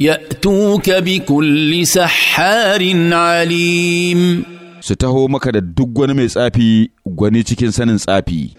ياتوك بكل سحار عليم su taho maka da duk wani mai tsafi gwani cikin sanin tsafi